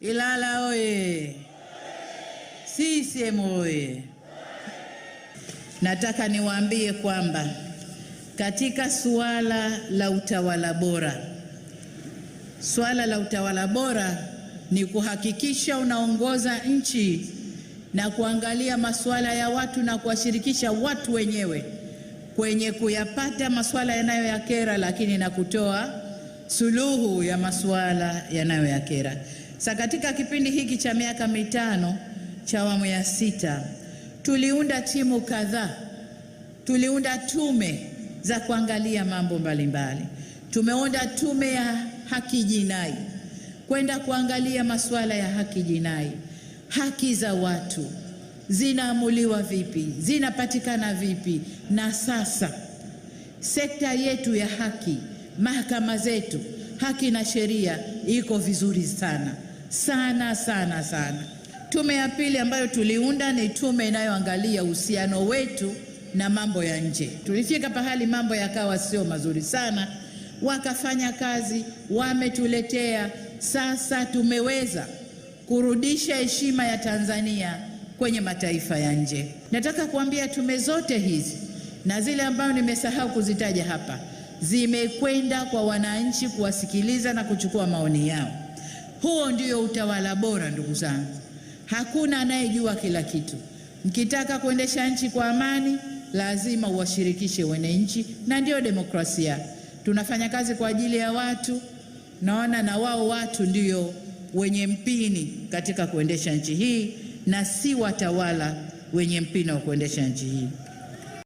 Ilala oye! CCM oye! Nataka niwaambie kwamba katika suala la utawala bora, suala la utawala bora ni kuhakikisha unaongoza nchi na kuangalia masuala ya watu na kuwashirikisha watu wenyewe kwenye kuyapata masuala yanayoyakera, lakini na kutoa suluhu ya masuala yanayoyakera. Sa katika kipindi hiki cha miaka mitano cha awamu ya sita tuliunda timu kadhaa, tuliunda tume za kuangalia mambo mbalimbali. Tumeunda tume ya haki jinai kwenda kuangalia masuala ya haki jinai, haki za watu zinaamuliwa vipi, zinapatikana vipi, na sasa sekta yetu ya haki, mahakama zetu, haki na sheria iko vizuri sana sana sana sana. Tume ya pili ambayo tuliunda ni tume inayoangalia uhusiano wetu na mambo ya nje. Tulifika pahali mambo yakawa sio mazuri sana, wakafanya kazi, wametuletea sasa, tumeweza kurudisha heshima ya Tanzania kwenye mataifa ya nje. Nataka kuambia tume zote hizi na zile ambayo nimesahau kuzitaja hapa zimekwenda kwa wananchi kuwasikiliza na kuchukua maoni yao. Huo ndio utawala bora, ndugu zangu. Hakuna anayejua kila kitu. Mkitaka kuendesha nchi kwa amani, lazima uwashirikishe wananchi, na ndio demokrasia. Tunafanya kazi kwa ajili ya watu, naona na wao watu ndio wenye mpini katika kuendesha nchi hii, na si watawala wenye mpini wa kuendesha nchi hii.